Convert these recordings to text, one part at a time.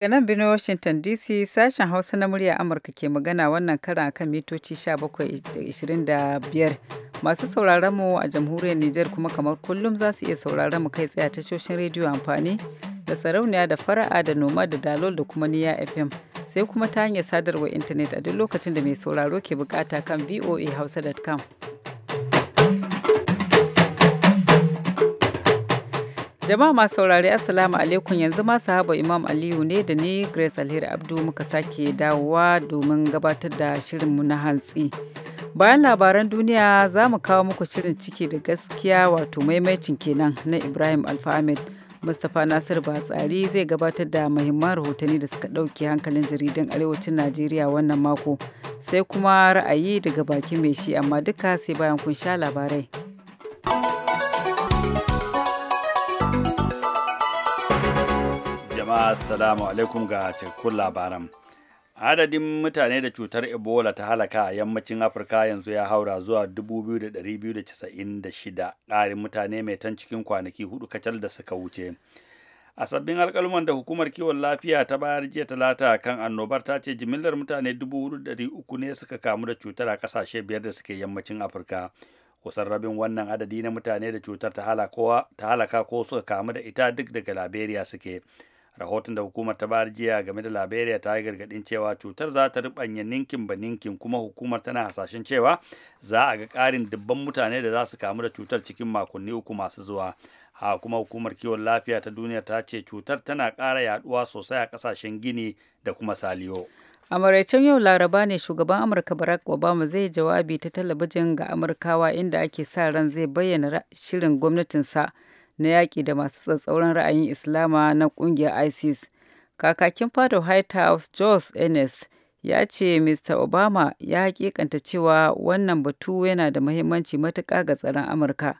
Daga nan birnin Washington DC sashen Hausa na murya Amurka ke magana wannan karan kan mitoci 17.25 masu sauraron mu a jamhuriyar Nijar kuma kamar kullum za su iya sauraron mu kai tsaye tashoshin rediyo amfani da sarauniya da fara'a da noma da dalol da kuma niya FM sai kuma ta hanyar sadarwar intanet a duk lokacin da mai sauraro ke bukata kan voahausa.com. Jama'a masu saurari Assalamu alaikum yanzu ma sahaba Imam Aliyu ne da ni Grace Alheri Abdu muka sake dawowa domin gabatar da shirin mu na hantsi. Bayan labaran duniya za mu kawo muku shirin ciki da gaskiya wato maimacin kenan na Ibrahim Alfa Ahmed. Mustapha Nasir Batsari zai gabatar da muhimman rahotanni da suka ɗauke hankalin jaridan Arewacin Najeriya wannan mako. Sai kuma ra'ayi daga bakin mai shi amma duka sai bayan kun sha labarai. jama'a assalamu alaikum ga cikakkun labaran adadin mutane da cutar ebola ta halaka a yammacin afirka yanzu ya haura zuwa 2,296 ƙarin mutane mai tan cikin kwanaki hudu kacal da suka wuce a sabbin alkalman da hukumar kiwon lafiya ta bayar jiya talata kan annobar ta ce jimillar mutane 4,300 ne suka kamu da cutar a kasashe biyar da suke yammacin afirka kusan rabin wannan adadi na mutane da cutar ta halaka ko suka kamu da ita duk daga liberia suke rahoton da hukumar ta bayar jiya game da liberia ta yi gargadin cewa cutar za ta rubanya ninkin ba ninkin kuma hukumar tana hasashen cewa za a ga karin dubban mutane da za su kamu da cutar cikin makonni uku masu zuwa ha kuma hukumar kiwon lafiya ta duniya ta ce cutar tana kara yaduwa sosai a ƙasashen gini da kuma saliyo a maraicen yau laraba ne shugaban amurka barack obama zai jawabi ta talabijin ga amurkawa inda ake sa ran zai bayyana shirin gwamnatinsa sa na yaƙi da masu tsatsauran ra'ayin Islama na ƙungiyar ISIS. Kakakin fadar White House jos Ennis ya ce Mr. Obama ya haƙiƙanta cewa wannan batu yana da mahimmanci matuƙa ga tsaron Amurka.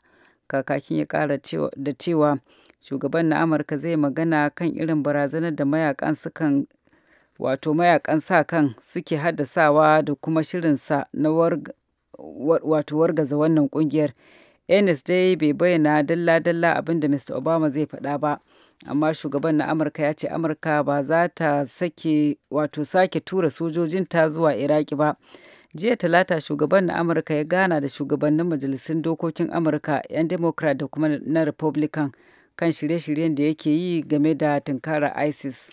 Kakakin ya ƙara da cewa shugaban na Amurka zai magana kan irin barazanar da mayakan sukan wato mayakan sa kan suke haddasawa da kuma shirinsa na wato wargaza wannan ƙungiyar. ennis dai bai bayyana dalla-dalla abin da mr obama zai faɗa ba amma shugaban na amurka ya ce amurka ba za ta sake wato sake tura sojojinta zuwa iraki ba jiya talata shugaban na amurka ya gana da shugabannin majalisun dokokin amurka 'yan democrat da kuma na republican kan shirye-shiryen da yake yi game da tunkarar isis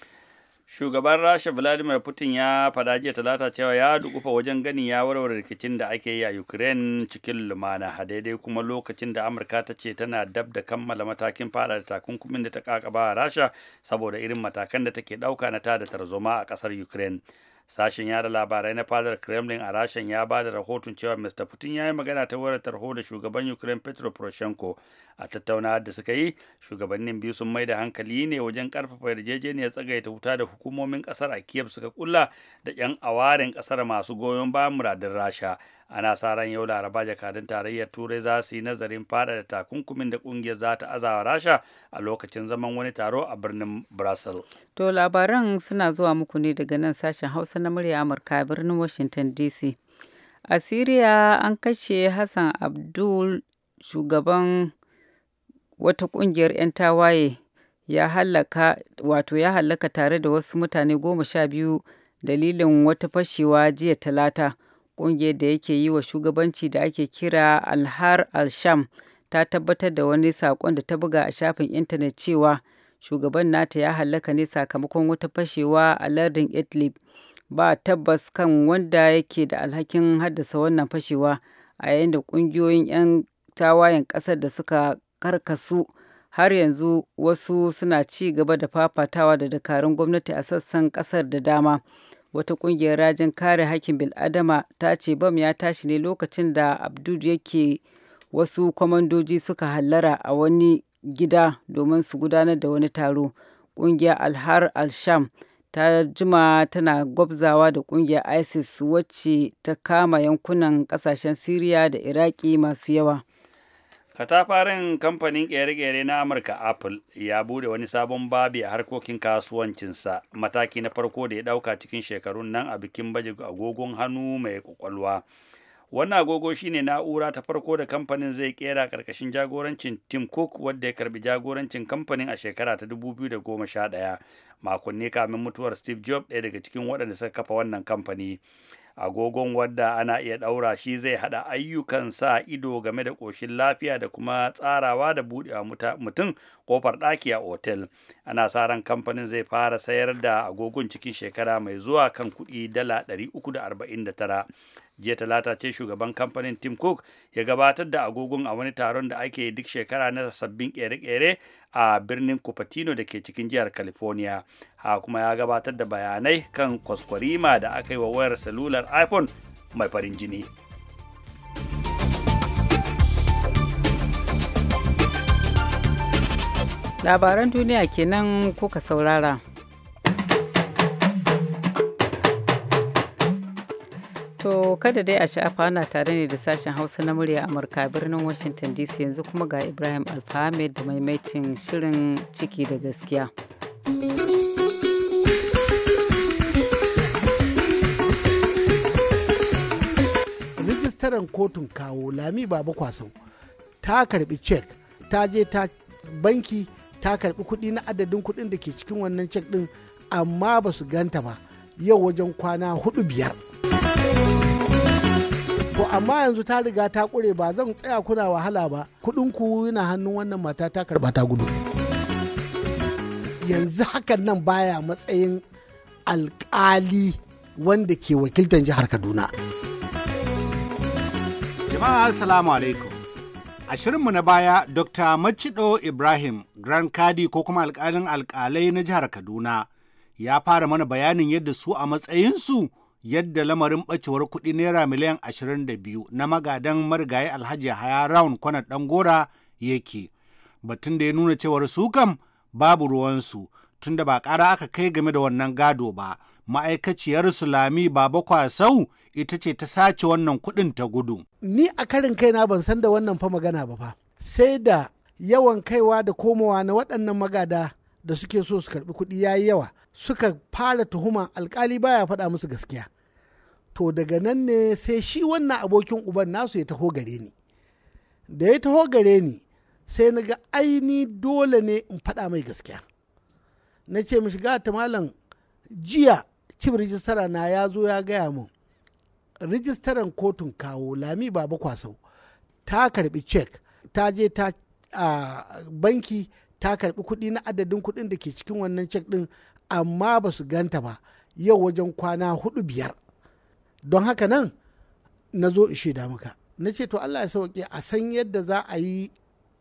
shugaban rasha vladimir putin ya faɗa jiya talata cewa ya dukufa wajen gani ya warware rikicin da ake yi a ukraine cikin lumana a daidai kuma lokacin da amurka ta ce tana dab da kammala matakin fada da takunkumin da ta kakaba a rasha saboda irin matakan da take ɗauka na tada tarzoma a ƙasar ukraine sashen yada labarai na fadar kremlin a rashin ya ba da rahoton cewa mr putin ya yi magana ta wayar tarho da shugaban ukraine petro poroshenko a tattaunawar da suka yi shugabannin biyu sun mai da hankali ne wajen karfafa yarjejeniyar tsagaita wuta da hukumomin kasar a kiev suka kulla da yan awarin kasar masu goyon bayan muradin rasha ana sa ran yau laraba jakadun tarayyar turai za su yi nazarin fada da takunkumin da kungiyar za ta azawa rasha a lokacin zaman wani taro a birnin brussels to labaran suna zuwa muku ne daga nan sashen hausa na murya amurka birnin washington dc a syria an kashe hassan abdul shugaban wata kungiyar 'yan tawaye ya hallaka wato ya hallaka tare da wasu mutane goma sha biyu dalilin wata fashewa jiya talata Ƙungiyar da yake yi wa shugabanci da ake kira 'alhar alsham' ta tabbatar da wani saƙon da ta buga a shafin intanet cewa shugaban nata ya hallaka ne sakamakon wata fashewa a lardin Idlib. Ba tabbas kan wanda yake da alhakin haddasa wannan fashewa a yayin da ƙungiyoyin 'yan tawayen ƙasar da suka karkasu har yanzu wasu suna ci gaba da fafatawa da dakarun gwamnati a sassan ƙasar da dama. wata ƙungiyar rajin kare hakkin bil'adama ta ce bam ya tashi ne lokacin da abdul yake wasu kwamandoji suka hallara a wani gida domin su gudanar da wani taro ƙungiyar alhar al-sham ta juma tana gwabzawa da ƙungiyar isis wacce ta kama yankunan ƙasashen syria da iraki masu yawa katafaren kamfanin kere-kere na amurka apple ya bude wani sabon babi a harkokin kasuwancinsa mataki na farko da ya ɗauka cikin shekarun nan a bikin baje agogon hannu mai ƙwaƙwalwa wannan agogo shine na'ura ta farko da kamfanin zai ƙera karkashin jagorancin tim cook wadda ya karbi jagorancin kamfanin a shekara ta 2011 makonni kamin mutuwar steve jobs ɗaya daga cikin waɗanda suka kafa wannan kamfani agogon wadda ana iya ɗaura shi zai haɗa ayyukan sa ido game da ƙoshin lafiya da kuma tsarawa da buɗewa mutum kofar ɗaki a otel ana sa ran kamfanin zai fara sayar da agogon cikin shekara mai zuwa kan kuɗi dala 349 jiya talata ce shugaban kamfanin tim cook ya gabatar da agogon a wani taron da ake duk shekara na sabbin kere-kere a birnin cupertino da ke cikin jihar california ha kuma ya gabatar da bayanai kan kwaskwarima da aka yi wa wayar salular iphone mai farin jini labaran duniya kenan kuka saurara To kada dai a sha'afa ana tare ne da sashen Hausa na murya Amurka birnin Washington DC yanzu kuma ga Ibrahim Alfahamed da maimaitin shirin ciki da gaskiya. Rijistaran kotun kawo Lami Baba Kwasan ta karbi cek ta je ta banki ta karbi kudi na adadin kudin da ke cikin wannan cek din amma ba su ganta ba yau wajen kwana hudu biyar. to amma yanzu ta riga ta kure ba zan tsaya kuna wahala ba kuɗin ku yana hannun wannan mata ta karba ta gudu yanzu hakan nan baya matsayin alƙali wanda ke wakiltar jihar kaduna jama'a assalamu alaikum a shirinmu na baya dr macido ibrahim grand kadi ko kuma alkalin alkalai na jihar kaduna ya fara mana bayanin yadda su a matsayinsu yadda lamarin bacewar kuɗi naira miliyan 22 na magadan marigayi alhaji haya round kwanar dangora yake batun da ya nuna cewar su kam babu ruwansu tun da ba ƙara aka kai game da wannan gado ba ma'aikaciyar sulami baba kwasau ita ce ta sace wannan kuɗin ta gudu ni a karin kaina ban san da wannan fa magana ba fa sai da yawan kaiwa da komowa na waɗannan magada da suke so su karɓi kuɗi yayi yawa suka fara tuhuma alkali baya faɗa musu gaskiya to daga nan ne sai shi wannan abokin uban nasu ya taho gare ni da ya taho gare ni sai na ga aini dole ne in faɗa mai gaskiya na ce mishi ga ta malam jiya cib rijistara na ya zo ya gaya min rijistaran kotun kawo lami baba kwasau ta karbi cek ta je ta banki ta karbi kuɗi na adadin kuɗin da ke cikin wannan cek ɗin amma ba su ganta ba yau wajen kwana hudu biyar don haka nan na zo in shaida maka na ce to allah ya sauke a san yadda za a yi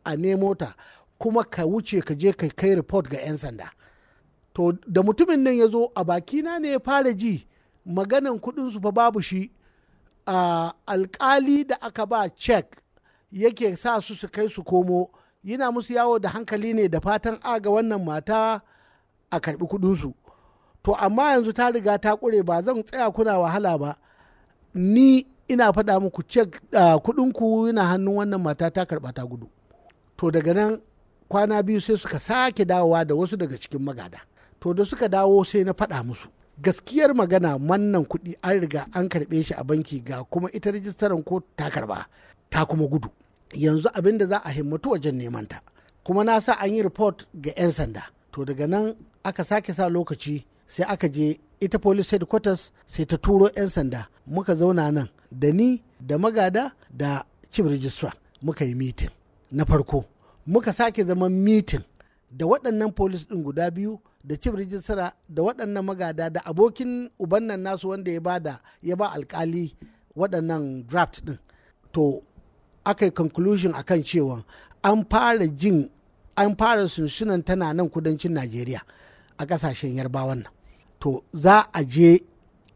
a nemo ta kuma ka wuce ka je ka kai report ga 'yan sanda to da mutumin nan ya zo a bakina ne ya fara ji maganan kudinsu fa babu shi a alkali da aka ba cek yake sa su su kai su komo yana musu yawo da hankali ne da fatan a ga wannan mata a karbi kudinsu to amma yanzu ta riga ta kure ba zan tsaya kuna wahala ba ni ina faɗa muku cek ah, ku yana hannun wannan mata ta karɓa ta gudu to daga nan kwana biyu sai suka sake dawowa da wasu daga cikin magada to da suka dawo sai na faɗa musu gaskiyar magana wannan kuɗi an riga an karɓe shi a banki ga kuma ita rijistaran ko ta karɓa ta kuma gudu yanzu abin da za a himmatu wajen neman ta kuma na sa an yi report ga 'yan sanda to daga nan aka sake sa lokaci sai aka je ita police headquarters sai ta turo 'yan sanda muka zauna nan da ni da magada da chief registrar muka yi mitin na farko muka sake zaman mitin da waɗannan polis ɗin guda biyu da chief registrar da waɗannan magada da abokin uban nan nasu wanda ya ba da ya ba alkali waɗannan draft ɗin to aka yi conclusion akan cewa an fara jin an fara sunsunan tana nan kudancin najeriya a ƙasashen yarbawan nan to za a je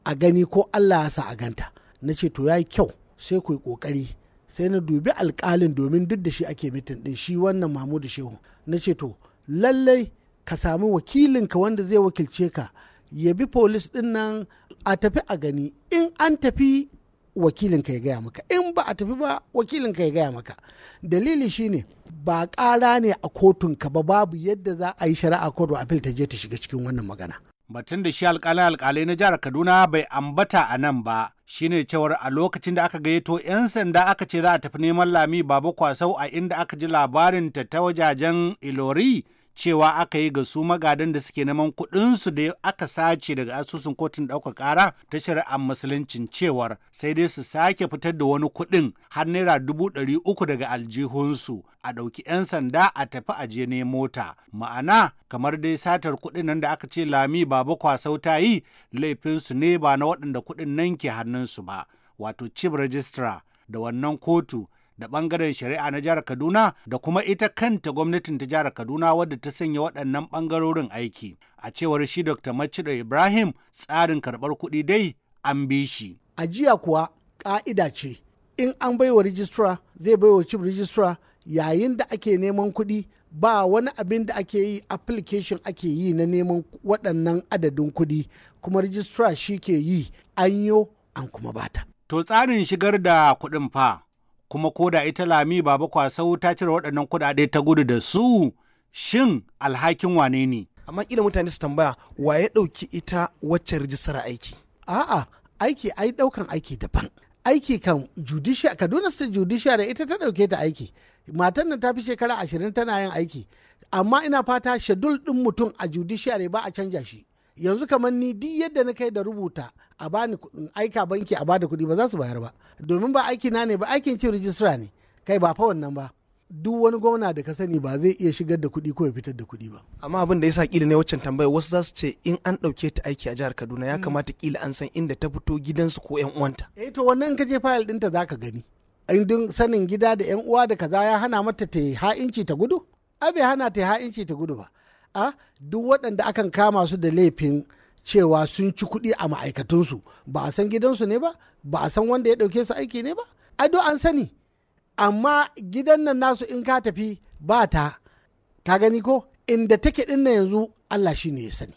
a gani ko Allah ya sa a ganta na ce to yi kyau sai ku yi kokari sai na dubi alkalin domin duk da shi ake mitin din shi wannan Mahmudu Shehu na ce to lallai ka samu wakilinka wanda zai wakilce ka ya bi polis din nan a tafi a gani in an tafi wakilinka ya gaya maka in ba a tafi ba wakilinka ya gaya maka dalili shine ba ƙara ne a kotun ka ba babu yadda za a yi shari'a kodu apil ta je ta shiga cikin wannan magana Batun da shi alƙalin alƙalai na jihar Kaduna bai ambata a nan ba shine cewar a lokacin da aka gayyato 'yan sanda aka ce za a tafi neman lami babu kwasau a inda aka ji labarin ta ta wajajen Ilori cewa aka yi ga su magadan da suke neman kuɗinsu da aka sace daga asusun kotun ɗaukar ƙara ta shari'ar musuluncin cewar sai dai su sake fitar da wani kuɗin har naira dubu ɗari uku daga aljihunsu a ɗauki 'yan sanda a tafi ajiye je ne mota ma'ana kamar dai satar kuɗin nan da aka ce lami babu kwasau ta yi laifinsu ne ba na waɗanda kuɗin nan ke hannunsu ba wato chief registrar da wannan kotu da bangaren shari'a na jihar Kaduna da kuma ita kanta gwamnatin ta jihar Kaduna wadda ta sanya waɗannan bangarorin aiki. A cewar shi Dr. Macido Ibrahim tsarin karɓar kuɗi dai an bi shi. a jiya kuwa ƙa'ida ce in an baiwa rijistra zai baiwa chief rijistra yayin da ake neman kuɗi ba wani abin da ake yi application ake yi na neman waɗannan adadin kuɗi kuma rijistra shi ke yi an yo an kuma bata. To tsarin shigar da kuɗin fa kuma ko da ita lami baba kwasau ta cire waɗannan kuɗaɗe ta gudu da su shin alhakin wane ne amma kila mutane su tambaya wa ya ɗauki ita wacce rijistar aiki a'a aiki ai ɗaukan aiki daban aiki kan judicial kaduna state judicial ita ta ɗauke ta aiki matan nan ta fi shekara ashirin tana yin aiki amma ina fata shedul ɗin mutum a judiciary ba a canja shi yanzu kamar ni duk yadda na kai da rubuta a bani aika banki a bada kuɗi ba za su bayar ba domin ba aiki na ne ba aikin cin rijistra ne kai ba fa wannan ba duk wani gwamna da ka sani ba zai iya shigar da kuɗi ko ya fitar da kuɗi ba amma abin da ya sa kila ne waccan tambaya wasu za su ce in an ɗauke ta aiki a jihar Kaduna ya hmm. kamata kila an san inda ta fito gidansu ko yan uwanta eh to wannan ka je fayil ɗinta zaka gani indin sanin gida da yan uwa da kaza ya hana mata ta ha'inci ta gudu abe hana ta ha'inci ta gudu ba a duk waɗanda akan kama su da laifin cewa sun ci kuɗi a ma'aikatunsu ba a san gidansu ne ba ba a san wanda ya ɗauke su aiki ne ba do an sani amma gidan nan nasu in ka tafi ba ta ka gani ko inda take ɗin na yanzu Allah shi ne ya sani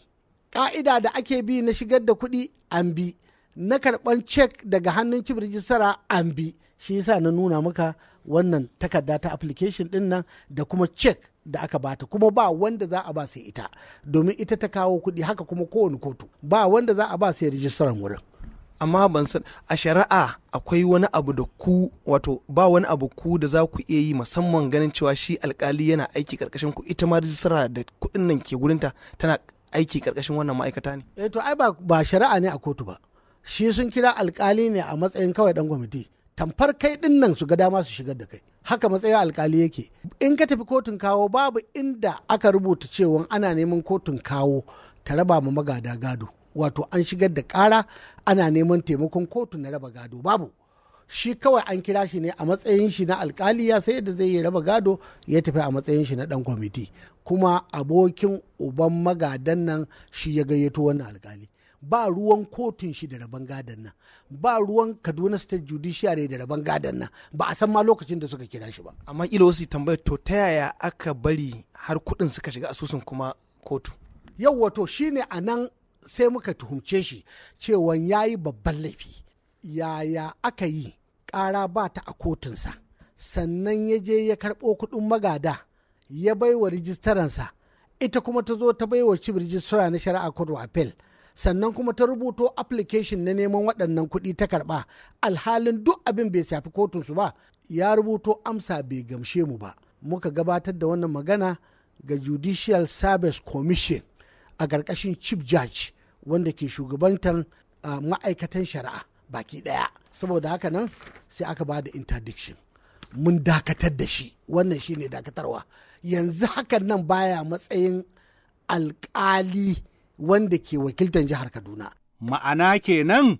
ƙa'ida da ake bi na shigar da kuɗi an bi na karɓan cek daga hannun cibir rijistara an bi shi yasa na nuna maka wannan takarda ta application ɗin nan da kuma cek da aka bata kuma ba wanda za a ba sai ita domin ita ta kawo kuɗi haka kuma kowane kotu ba wanda za a ba sai rijistaran wurin amma ban san a shari'a akwai wani abu da ku wato ba wani abu ku da za ku iya yi musamman ganin cewa shi alkali yana aiki karkashin ku ita ma rijistara da kuɗin nan ke gurinta tana aiki karkashin wannan ma'aikata ne eh to ai ba shari'a ne a kotu ba shi sun kira alkali ne a matsayin kawai dan kwamiti tamfar kai din nan su ga dama su shigar da kai haka matsayin alkali yake in ka tafi kotun kawo babu inda aka rubuta cewa ana neman kotun kawo ta raba ma magada gado wato an shigar da kara ana neman taimakon kotu na raba gado babu shi kawai an kira shi ne a matsayin shi na alkali ya sai da zai yi raba gado ya tafi a matsayin shi na dan kwamiti kuma abokin uban magadan nan shi ya gayyato wannan alkali ba ruwan kotun shi da rabon gadon nan ba ruwan kaduna state judiciary da rabon gadon nan ba a san ma lokacin da suka kira shi ba amma ilo wasu tambaya to ta yaya aka bari har kuɗin suka shiga asusun kuma kotu yau wato shine a nan sai muka tuhumce shi cewa ya yi babban laifi yaya aka yi ƙara ba ta a kotunsa sannan ya je ya karɓo kuɗin magada ya baiwa rijistaransa ita kuma ta zo ta baiwa cibin rijistara na shari'a kudu apel sannan kuma ta rubuto application na neman waɗannan kuɗi ta karɓa alhalin duk abin bai shafi kotunsu ba ya rubuto amsa bai gamshe mu ba muka gabatar da wannan magana ga judicial service commission a ƙarƙashin chief judge wanda ke shugabantar ma'aikatan shari'a baki ɗaya saboda haka nan sai aka ba da interdiction mun dakatar da shi wannan shine dakatarwa yanzu hakan nan baya matsayin alkali. wanda ke wakiltar jihar Kaduna. Ma'ana kenan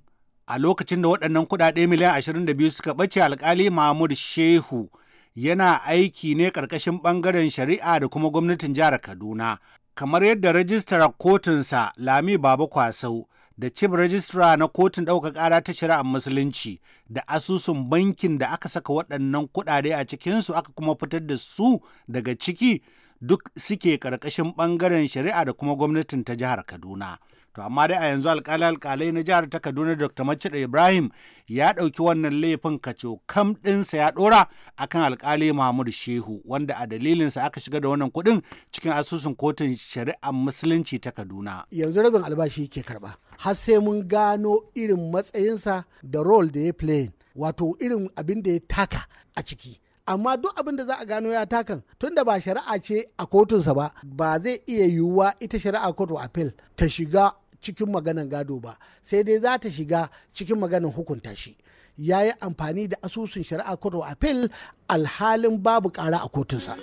a lokacin da waɗannan kuɗaɗe miliyan 22 suka ɓace alkali Mahmud Shehu yana aiki ne ƙarƙashin ɓangaren shari'a da kuma gwamnatin jihar Kaduna. Kamar yadda rajistar kotunsa Lami Baba Kwasau da cib rajistara na kotun ɗaukar ƙara ta shari'ar musulunci da asusun bankin da aka saka waɗannan kuɗaɗe a cikinsu aka kuma fitar da su daga ciki duk suke karkashin bangaren shari'a da kuma gwamnatin ta jihar Kaduna. To amma dai a yanzu alƙalai alƙalai na jihar ta Kaduna Dr. Macida Ibrahim ya ɗauki wannan laifin kaco kam ɗinsa ya ɗora akan alƙali Mahmud Shehu wanda a dalilinsa aka shiga da wannan kuɗin cikin asusun kotun shari'ar musulunci ta Kaduna. Yanzu rabin albashi ke karba har sai mun gano irin matsayinsa da role da ya play wato irin abin da ya taka a ciki amma duk abin da za a gano ya takan tunda ba shari'a ce a kotunsa ba ba zai iya yiwuwa ita shari'a kotu apel ta shiga cikin maganan gado ba sai dai za ta shiga cikin maganan hukunta shi ya yi amfani da asusun shari'a kotu apel alhalin babu kara a kotunsa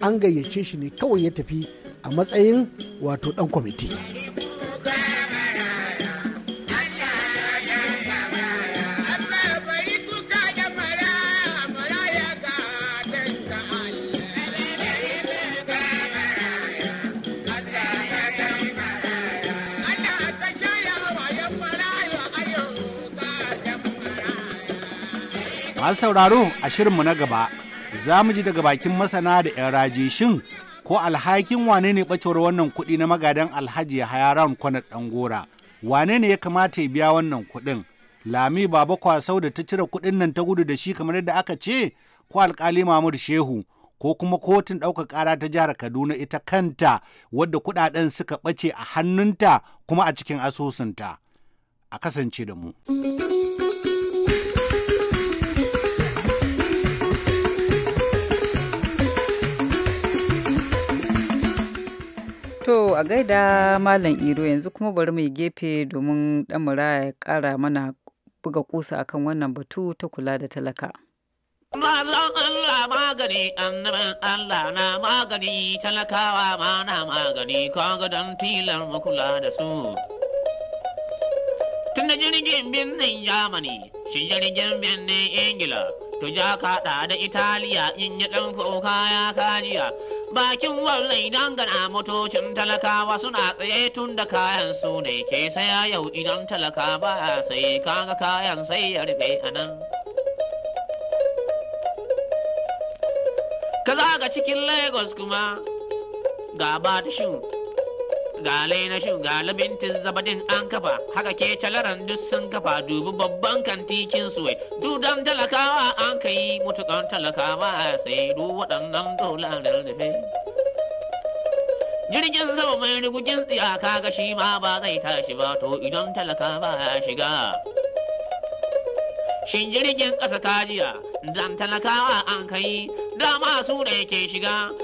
an gayyace shi ne kawai ya tafi a matsayin wato dan kwamiti. masu sauraro a shirinmu na gaba za mu ji daga bakin masana da 'yan raji shin ko alhakin wane ne bacewar wannan kuɗi na magadan alhaji hayaran kwanar gora wane ne ya kamata ya biya wannan kuɗin lami baba kwasau da ta cire kuɗin nan ta gudu da shi kamar yadda aka ce ko alkali mahmud shehu ko kuma kotun ɗaukar ƙara ta jihar kaduna ita kanta wadda kuɗaɗen suka ɓace a hannunta kuma a cikin asusunta a kasance da mu. To a gaida Malam Iro yanzu kuma bari mai gefe domin ɗan ya ƙara mana buga kusa akan wannan batu ta kula da talaka. Mazan Allah magani, annaban Allah na magani, talakawa ma na magani, kwa don tilar makula da su. Tun jirgin birnin Yamani, shi jirgin birnin Ingila, to ja kaɗa da Italiya in yi ɗan kuka ya kajiya. Bakin wallai dangana motocin talakawa suna tsaye tun da kayan su ne ke saya yau idan talaka ba sai kaga kayan sai ya rufe a nan. Ka zaga cikin Lagos kuma ga ba ga laina shin ga labinti zabadin an kafa haka ke calaran duk sun kafa dubi babban kantikin suwai dudan talakawa an kai yi mutukan talakawa sai du waɗannan dolarar rufe jirgin sama mai rigugin tsiyaka ga shi ma ba zai tashi ba to idan talakawa ya shiga shin jirgin ƙasa kajiya dan talakawa an kai dama su da yake shiga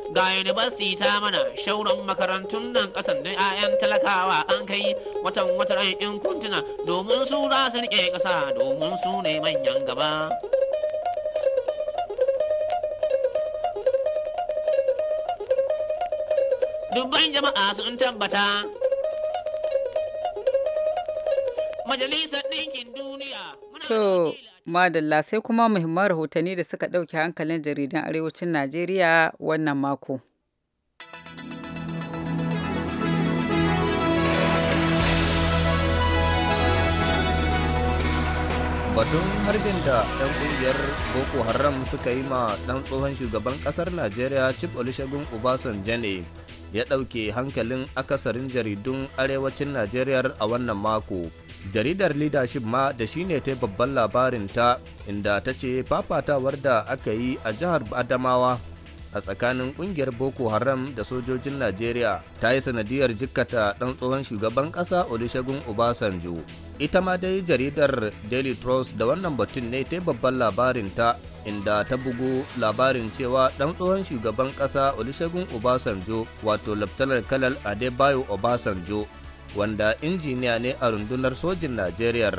ga university ta mana shauran makarantun nan kasan da 'ya'yan talakawa an kai watan watan in kuntuna domin su za su rike kasa domin su ne manyan gaba dubban jama'a sun tabbata majalisar ɗinkin duniya to Madalla sai kuma muhimman rahotanni da suka ɗauke hankalin jaridan Arewacin Najeriya wannan mako. batun harbin da ɗan ƙungiyar boko haram suka yi ma ɗan tsohon shugaban ƙasar najeriya chip olusegun obasanjo ne ya ɗauke hankalin akasarin jaridun arewacin najeriya a wannan mako jaridar leadership ma da shine ta babban ta, inda ta ce fafatawar da aka yi a jihar adamawa a tsakanin kungiyar boko haram da sojojin najeriya ta yi sanadiyar jikkata ɗan tsohon shugaban ƙasa olusegun obasanjo ita ma dai jaridar daily trust da wannan batun ne ta babban ta, inda ta bugu labarin cewa ɗan tsohon shugaban ƙasa olusegun obasanjo wato laftalar kalal adebayo obasanjo wanda injiniya ne a rundunar sojin najeriya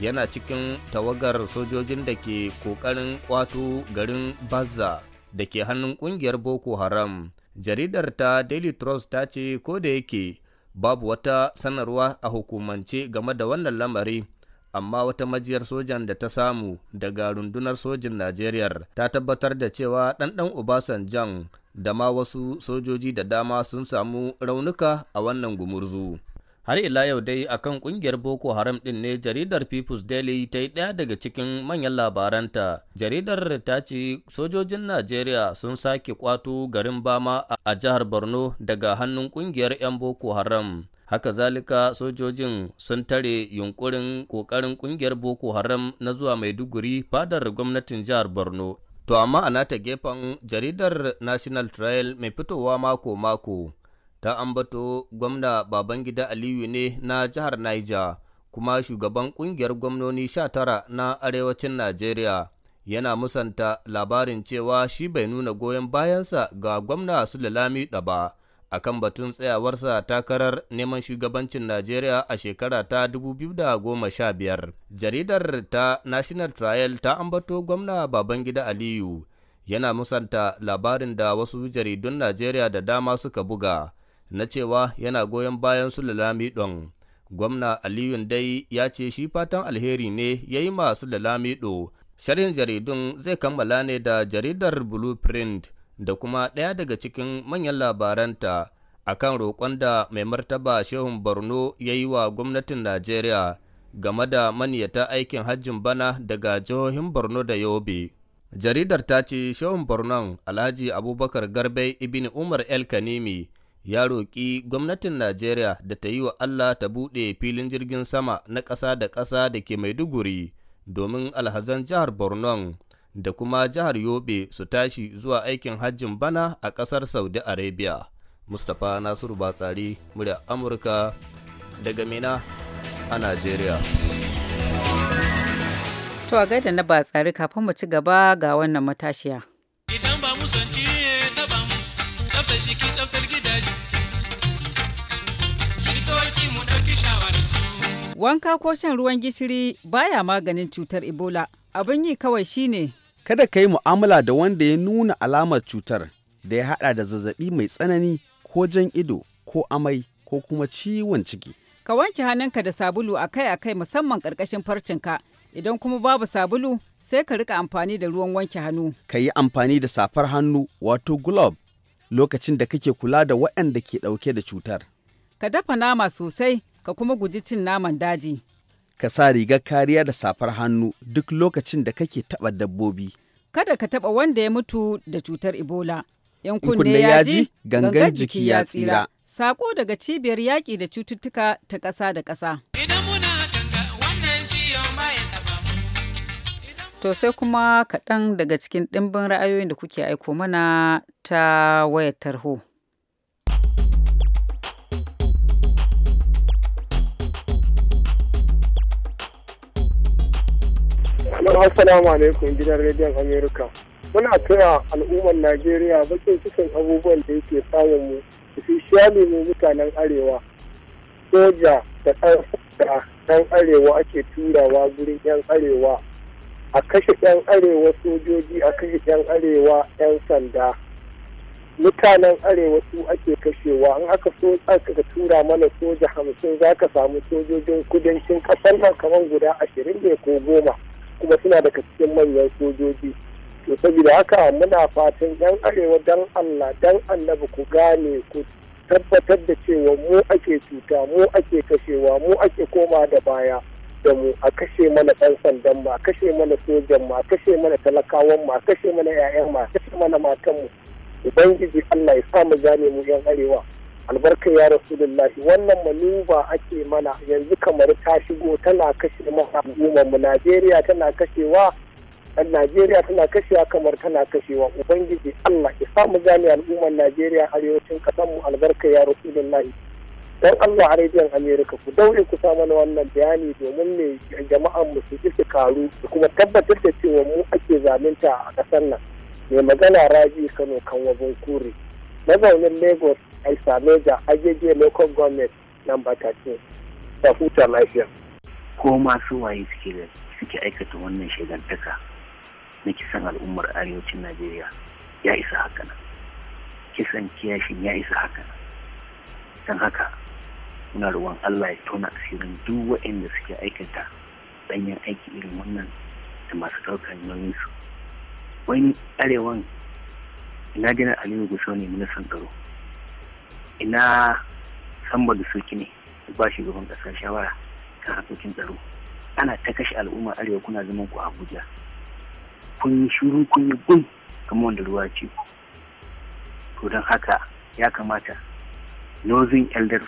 yana cikin tawagar sojojin da ke ƙoƙarin ƙwato garin baza da ke hannun ƙungiyar boko haram jaridar ta daily trust ta ce ko da yake babu wata sanarwa a hukumance game da wannan lamari amma wata majiyar sojan da ta samu daga rundunar sojin Najeriya ta tabbatar da cewa ɗanɗan Obasanjan da ma wasu sojoji da dama sun samu raunuka a wannan gumurzu. har ila yau dai akan kungiyar boko haram din ne jaridar people's daily ta yi ɗaya daga cikin manyan labaranta jaridar ta ce sojojin najeriya sun sake kwato garin bama a jihar borno daga hannun kungiyar 'yan boko haram haka zalika sojojin sun tare yunkurin kokarin kungiyar boko haram na zuwa maiduguri fadar gwamnatin jihar borno to amma a nata gefen jaridar national trial mai fitowa mako-mako ta ambato gwamna Babangida Aliyu ne na jihar Niger, kuma shugaban ƙungiyar gwamnoni sha tara na arewacin Najeriya. Yana musanta labarin cewa shi bai nuna goyon bayansa ga gwamna Sulalami ba a kan batun tsayawarsa takarar neman shugabancin Najeriya a shekara ta 2015. Jaridar ta National Trial ta ambato gwamna Babangida Aliyu yana musanta labarin da wasu jaridun Najeriya da dama suka buga. na cewa yana goyon bayan su Lamiɗon. Gwamna Aliyun dai ya ce shi fatan alheri ne ya yi masu Lamiɗo. Sharhin jaridun zai kammala ne da jaridar Blueprint da kuma ɗaya daga cikin manyan labaranta a kan roƙon da mai martaba Shehun Borno ya yi wa gwamnatin Najeriya game da maniyata aikin hajjin bana daga jihohin Borno da Yobe. Jaridar ta ce Shehun Bornon Alhaji Abubakar Garbe Ibn Umar El Kanimi ya roƙi gwamnatin Najeriya da ta yi wa Allah ta buɗe filin jirgin sama na ƙasa da ƙasa da ke Maiduguri domin alhazan jihar Borno da kuma jihar Yobe su tashi zuwa aikin hajjin bana a ƙasar Saudi Arabia. Mustapha Nasiru Batsari, murya Amurka daga Mina a Najeriya. To a gaida na Batsari kafin mu ci gaba ga wannan matashiya. wanka ko shan ruwan gishiri baya maganin cutar ebola abin yi kawai shine kada ka yi mu'amala da wanda ya nuna alamar cutar da ya hada da zazzabi mai tsanani ko jan ido ko amai ko kuma ciwon ciki ka wanke hannunka da sabulu akai-akai musamman ƙarƙashin farcinka idan kuma babu sabulu sai ka rika amfani da ruwan wanke hannu ka yi amfani da safar hannu wato glove lokacin da kake kula da waɗanda ke ɗauke da cutar. Ka dafa nama sosai ka kuma guji cin naman daji. Ka sa rigar kariya da safar hannu duk lokacin da kake taɓa dabbobi. Kada ka taɓa wanda ya mutu da cutar Ebola. ‘Yan kunne ya ji, gangan jiki ya tsira. Sako daga cibiyar yaƙi da cututtuka ta ƙasa da ƙasa. Idan muna To sai kuma kaɗan daga cikin ɗimbin ra'ayoyin da kuke aiko mana ta wayar tarho. Assalamu alaikum gidan rediyon Amerika. Muna tuna al'ummar Najeriya bakin cikin abubuwan da yake samun mu, ofishiyali mu mutanen Arewa. Soja da ɗan arewa ake turawa gurin 'yan arewa a kashe 'yan arewa sojoji a kashe 'yan arewa 'yan sanda mutanen arewa su ake kashewa An aka so aka tura mana soja hamsin za ka samu sojojin kudancin kasar nan kamar guda ashirin ne ko goma kuma suna daga cikin manyan sojoji to saboda haka muna fatan yan arewa dan allah dan annabi ku gane ku tabbatar da cewa mu ake cuta mu ake kashewa mu ake koma da baya da mu a kashe mana ɗan sandan mu a kashe mana sojan mu a kashe mana talakawan mu a kashe mana 'ya'yan mu a kashe mana matan mu ubangiji Allah ya sa mu gane mu yan arewa albarka ya rasulullahi wannan manuba ake mana yanzu kamar ta shigo tana kashe mana al'ummar mu Najeriya tana kashewa Najeriya tana kashewa kamar tana kashewa ubangiji Allah ya sa mu gane al'ummar Najeriya arewacin kasan mu albarka ya rasulullahi dan Allah a rediyon Amerika ku daure ku samu wannan bayani domin ne jama'an mu su ji karu su kuma tabbatar da cewa mu ake zalunta a kasar nan mai magana raji Kano kan wajen kure mazaunin Lagos same da ajeje Local Government nan 13 ta huta lafiya ko masu waye suke da suke aikata wannan shagantaka na kisan al'ummar arewacin Najeriya ya isa haka nan kisan kiyashin ya isa haka nan don haka muna ruwan Allah ya tona asirin duk waɗanda suke aikata ɗanyen aiki irin wannan da masu ɗaukar nauyin su wani arewan ina gina aliyu gusau ne san tsaro ina ba da soki ne ba gaban ƙasa shawara kan harkokin tsaro ana ta kashe al'umma arewa kuna zaman ku abuja kun yi shuru kun yi gun kamar wanda ruwa ce ku to don haka ya kamata nozin elders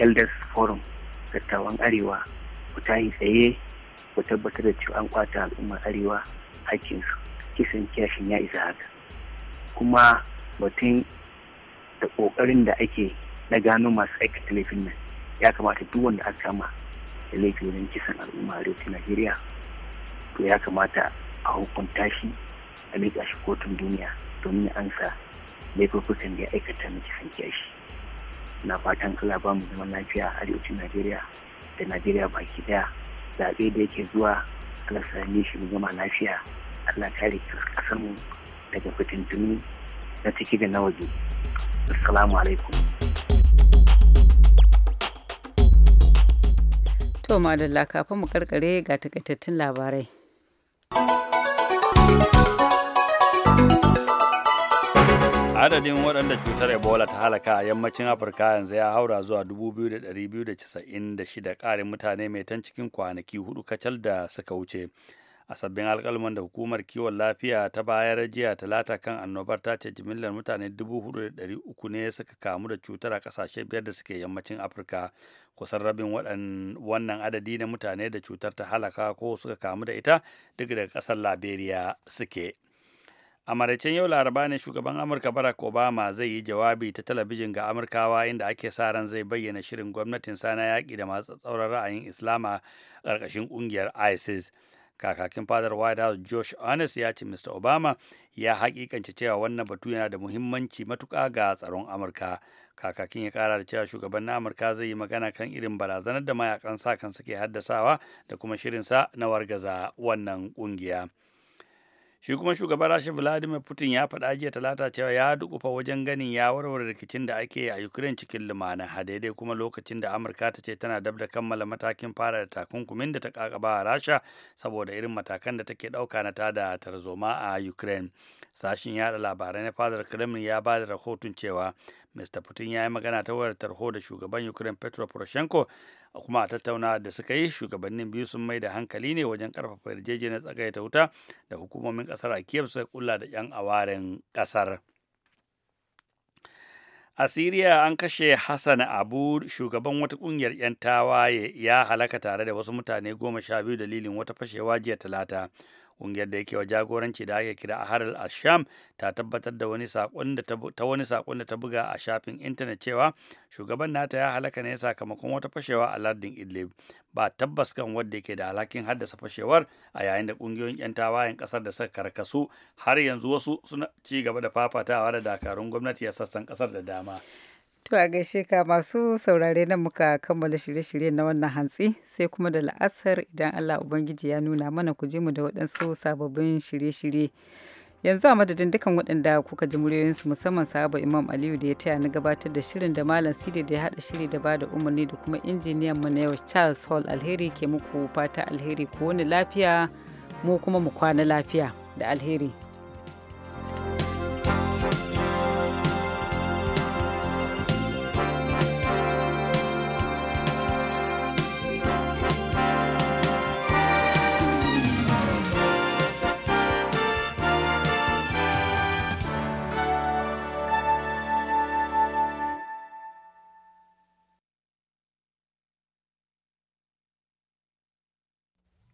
elders forum dattawan arewa ku yi tsaye ku tabbatar da cewa an kwata al'ummar arewa su kisan kiyashin ya isa haka kuma batun da kokarin da ake na gano masu aikata laifin nan ya kamata duk wanda aka kama da laifin wajen kisan al'umma arewacin najeriya to ya kamata a hukunta shi a leƙa shi kotun duniya domin ansa kusan da ya aikata na kisan kiyashi na fatan kala ba mu zaman lafiya a arewacin Najeriya da Najeriya baki daya zaɓe da yake zuwa Allah sami shi mu zama lafiya Allah kare kasar mu daga fitintunu na ciki da na waje assalamu alaikum to madalla kafin mu karkare ga takaitattun labarai adadin waɗanda cutar ebola ta halaka a yammacin afirka yanzu ya haura zuwa 2,296 ƙarin mutane mai tan cikin kwanaki hudu kacal da suka wuce a sabbin alkalman da hukumar kiwon lafiya ta bayar jiya talata kan annobar ta ce jimillar mutane 4,300 ne suka kamu da cutar a kasashe biyar da suke yammacin afirka kusan rabin wannan adadi na mutane da cutar ta halaka ko suka kamu da ita duk da ƙasar liberia suke a maraicen yau laraba ne shugaban amurka barack obama zai yi jawabi ta talabijin ga amurkawa inda ake sa ran zai bayyana shirin gwamnatin sana yaƙi da masu tsauran ra'ayin islama ƙarƙashin ƙungiyar isis kakakin fadar white house josh Earnest ya ce mr obama ya hakikanci cewa wannan batu yana da muhimmanci matuƙa ga tsaron amurka kakakin ya kara da cewa shugaban na amurka zai yi magana kan irin barazanar da mayakan sa kan suke haddasawa da kuma shirinsa na wargaza wannan ƙungiya. shi kuma shugaban rasha vladimir putin ya faɗa jiya talata cewa ya dukufa wajen ganin ya warware rikicin da ake yi a ukraine cikin lumana a daidai kuma lokacin da amurka ta ce tana dab da kammala matakin fara da takunkumin da ta kakaba a rasha saboda irin matakan da take ɗauka na tada tarzoma a ukraine Sashen yada labarai na fadar kremlin ya ba da rahoton cewa mr putin ya yi magana ta wayar tarho da shugaban ukraine petro poroshenko kuma a tattauna da suka yi shugabannin biyu sun mai da hankali ne wajen karfafa yarjejeniyar tsagaita wuta da hukumomin kasar a kiyar suka kula da 'yan awaren kasar a siriya an kashe hassan abu shugaban wata kungiyar 'yan tawaye ya halaka tare da wasu mutane goma sha biyu dalilin wata fashewa jiya talata ƙungiyar da yake wa jagoranci da ake kira a al-sham ta tabbatar da wani sakon da ta wani sakon da ta buga a shafin intanet cewa shugaban nata ya halaka ne sakamakon wata fashewa a lardin idlib ba tabbas kan wanda yake da alhakin haddasa fashewar a yayin da ƙungiyoyin 'yan tawayen ƙasar da suka karkasu har yanzu wasu suna ci gaba da fafatawa da dakarun gwamnati a sassan ƙasar da dama To a gaishe ka masu saurare na muka kammala shirye-shirye na wannan hantsi sai kuma da la'asar idan Allah Ubangiji ya nuna mana ku mu da waɗansu sababbin shirye-shirye. Yanzu a madadin dukan waɗanda kuka ji muryoyinsu musamman sahaba Imam Aliyu da ya taya na gabatar da shirin da Malam Sidi da ya haɗa shiri da bada umarni da kuma injiniyan mu na yau Charles Hall Alheri ke muku fata alheri ku wani lafiya mu kuma mu kwana lafiya da alheri.